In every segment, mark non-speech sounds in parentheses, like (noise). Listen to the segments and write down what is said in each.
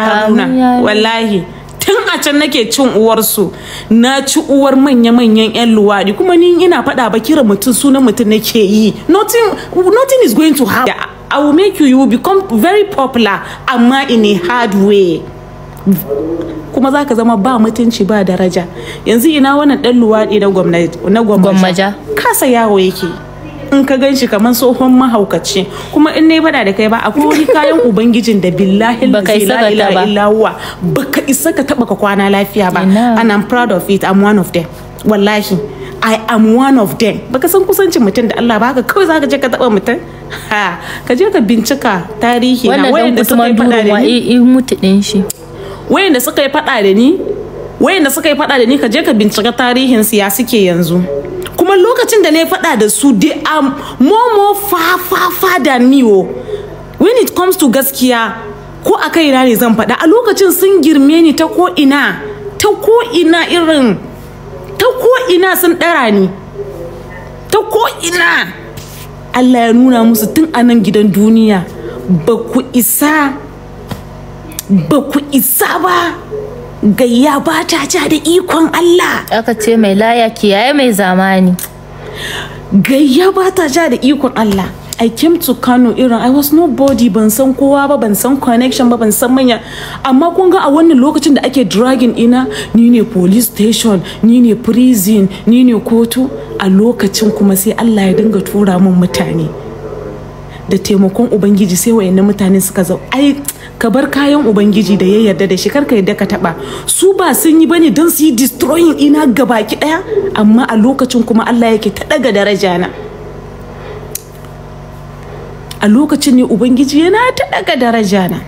haruna wallahi tun a can nake cin uwarsu na ci uwar manya-manyan 'yan luwaɗi kuma ni ina faɗa ba kira mutum sunan mutum nake yi nothing, is going to happen i will make you you become very popular amma in a hard way kuma za ka zama ba mutunci ba daraja yanzu ina wannan ɗan luwaɗi na gwamnati na gwamnati kasa yawo yake in ka gan shi kamar tsohon mahaukaci kuma in ne bada da kai ba a wani kayan ubangijin da billahi lalilawa ba ka isa ka taba ka kwana lafiya ba and i'm proud of it i'm one of them wallahi I am one of them baka san kusancin mutum da Allah ba ka kawai zaka je ka taba mutum ha ka je ka bincika tarihi na da suka yi fada eh, eh, da ni mutu din shi da suka yi fada da ni da suka yi fada da ni ka je ka bincika tarihin su ya suke yanzu kuma lokacin da na yi faɗa da su dey are more more far far far than oh. when it comes to gaskiya ko a kaina ne zan faɗa a lokacin sun girme ni ta ko ina ta ko ina irin ta ko ina sun ɗara ni ta ko ina Allah ya nuna musu tun a nan gidan duniya ba ku isa ba ku isa ba gayya ba ta ja da ikon Allah aka ce mai laya kiyaye mai zamani gayya ba ta ja da ikon Allah I came to Kano irin I was nobody ban san kowa ba ban san connection ba ban san manya amma kun ga a wannan lokacin da ake dragging ina ni ne police station ni ne prison ni ne kotu a lokacin kuma sai Allah ya dinga tura min mutane da taimakon ubangiji sai wayannan mutane suka zo ai ka bar kayan ubangiji da ya yarda da shi karka yadda ka taba su ba sun yi bane don su yi destroying ina ga baki daya amma a lokacin kuma Allah yake ta daga daraja na a lokacin ne ubangiji yana ta daga daraja na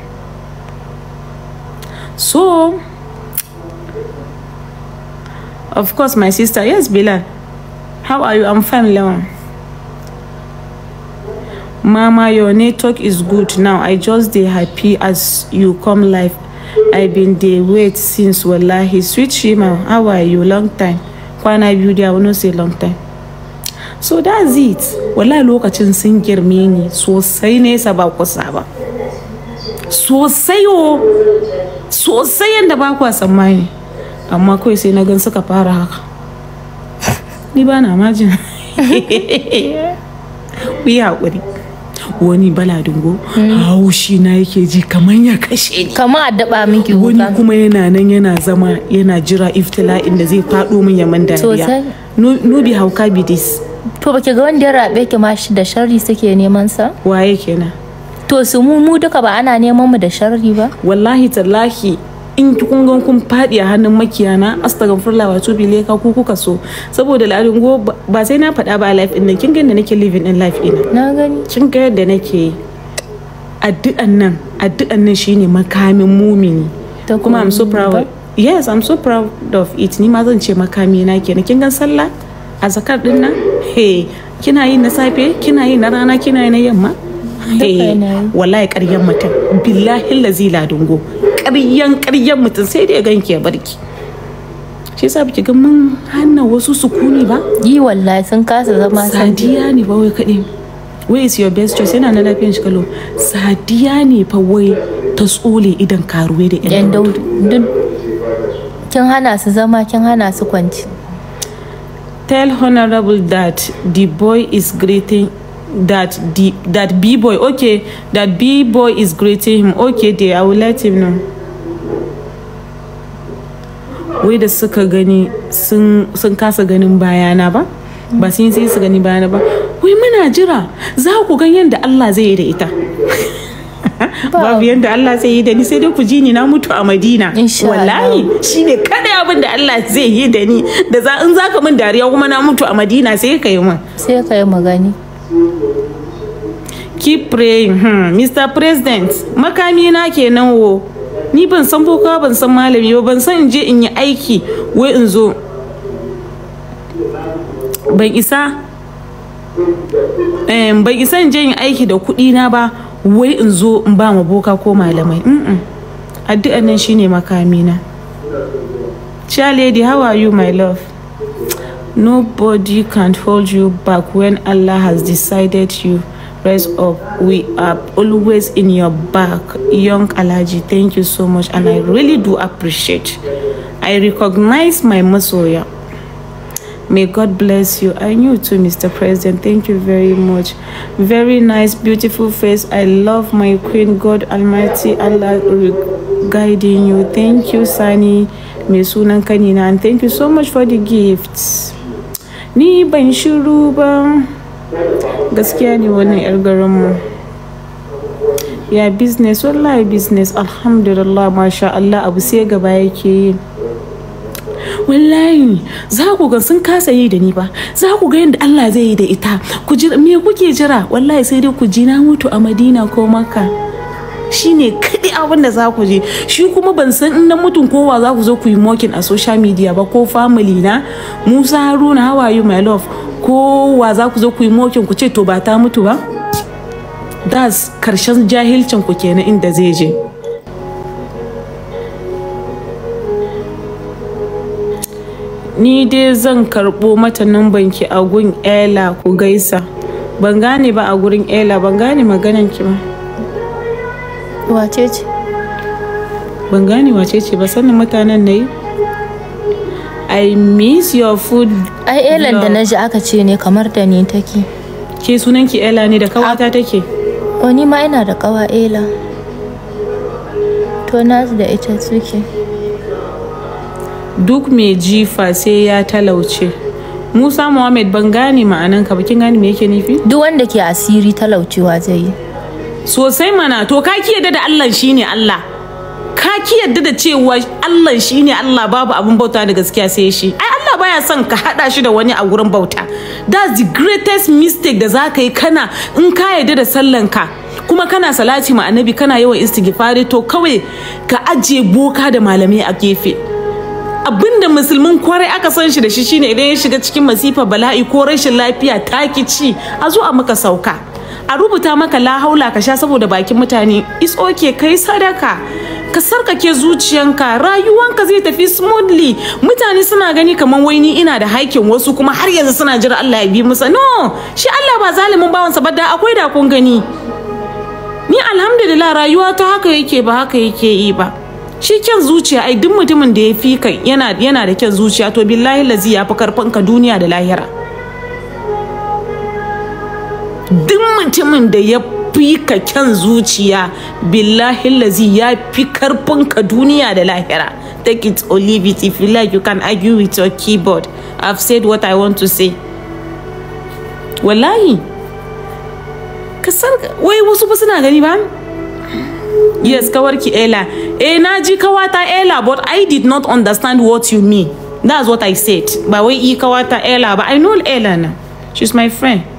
so of course my sister yes bilal how are you i'm fine leon mama your network is good now i just dey happy as you come life. i bin dey wait since wallahi sweet shima how are you long time kwana biyu da wani say long time so that's it wallahi lokacin sun girme ni sosai nesa ba kusa ba sosai o sosai yadda ba kwa tsammani amma kawai sai na gan suka fara haka ni ba na majin (laughs) ku yi haƙuri wani bala baladungo haushi na yake ji kamar ya kashe ni kamar a daba miki wani kuma yana nan yana zama yana jira iftila'in da zai fado min ya man dariya nubi hauka bidis to baki ga wanda ya rabe ki ma shi da sharri suke neman sa waye kenan to su mu duka ba ana neman mu da sharri ba wallahi tallahi in kun gan kun fadi a hannun makiyana astaghfirullah wato bile ka ku kuka so saboda al'adun go ba sai na faɗa ba life din kin ga yadda nake living in life ina na gani kin ga yadda nake addu'an nan addu'an nan shine makamin mumini kuma i'm so proud yes i'm so proud of it ni ma zan ce makami na kenan kin gan sallah a zakar din nan hey kina yi na safe kina yi na rana kina yi na yamma hey wallahi ƙaryar mutum billahi lazi ladungo ƙaryan ƙaryan mutum sai dai ganki ya barki shi yasa biki ga mun hannu wasu sukuni ba yi wallahi sun kasa zama sadiya ne ba wai kaɗai wai is your best choice yana na lafiyan shi kalo sadiya ne fa wai ta tsole idan karuwe da yan daudu kin hana su zama kin hana su kwanci tell honorable that the boy is greeting that the that b boy okay that b boy is greeting him okay there i will let him know wai da suka gani sun kasa ganin bayana ba ba sun sai su gani bayana ba wai muna jira za ku gan yadda Allah zai yi da ita (laughs) babu yadda Allah zai yi da ni sai dai ku ji ni na mutu a Madina wallahi shi ne kada abin da Allah zai yi da ni da za in zaka min dariya kuma na mutu a Madina sai ka yi min sai ka yi magani keep praying hmm. Mr President makami na kenan wo ni ban san boka ban san malami ba ban san in je in yi aiki wai in zo ban isa eh, ban isa in je in aiki da kuɗi na ba wai in zo in ba ma boka ko malamai addu'an nan shine makamina Chia lady, how are you, my love? Nobody can hold you back when Allah has decided you. Rise up. We are always in your back. Young Alaji, thank you so much. And I really do appreciate. I recognize my muscle. May God bless you. I knew too, Mr. President. Thank you very much. Very nice, beautiful face. I love my queen. God Almighty, Allah guiding you. Thank you, Sunny. Mesunan Kanina. And thank you so much for the gifts. Ni ban shiru ba. gaskiya ne wannan 'yar garin mu ya business wallahi business alhamdulillah masha Allah abu sai gaba yake yi wallahi za ku ga sun kasa yi da ni ba za ku ga yadda Allah zai yi da ita ku me kuke jira wallahi sai dai ku ji na mutu a Madina ko Makka shine kaɗai abin da za ku je shi kuma ban san in na mutum kowa za ku zo ku yi mocking a social media ba ko family na musa haruna how are you my love kowa za ku zo ku yi mocking ku ce to ba ta mutu ba das karshen jahilcin ku kenan inda zai je ni dai zan karɓo mata banki a gun ela ku gaisa ban gane ba a gurin ela ban gane maganan ki ba wace ce ban gane wace ce ba sanin mutanen na yi i miss your food ai elan da na ji aka ce ne kamar da ni take ke sunan ki ela ne da kawata take wani ni ma ina da kawa ela to nasu da ita suke duk mai jifa sai ya talauce musa muhammad ban gane ma'anan ka ba kin gane me yake nufi duk wanda ke asiri talaucewa zai yi sosai mana to ka ki yadda da Allah shine Allah ka ki da cewa Allah shine Allah babu abin bauta da gaskiya sai shi ai Allah baya son ka hada shi da wani a gurin bauta that's the greatest mistake da ka yi kana in ka yadda da ka kuma kana salati ma annabi kana yawan istighfari to kawai ka ajiye boka da malamai a gefe abinda musulmin kwarai aka san shi da shi shine idan ya shiga cikin masifa bala'i ko rashin lafiya taki ci a zo a maka sauka a rubuta maka lahaula ka sha saboda bakin mutane is okay kai sadaka ka sarkake zuciyanka rayuwanka zai tafi smoothly mutane suna gani kamar waini ina da haikin wasu kuma har yanzu suna jira Allah ya bi musa no shi Allah ba zalimin bawansa ba da akwai da kun gani ni alhamdulillah rayuwa ta haka yake ba haka yake yi ba shi kyan zuciya ai duk mutumin da ya fi kai yana yana da kyan zuciya to billahi lazi ya fi karfin ka duniya da lahira mutumin da ya fi ka kyan zuciya billahi lazi ya fi karfin ka duniya da lahira take it or leave it if you like you can argue with your keyboard i've said what i want to say wallahi kasar wai wasu ba suna gani ba yes ki ela. eh na ji kawata ela, but i did not understand what you mean that's what i said ba wai i kawata ela ba i know ela na she's my friend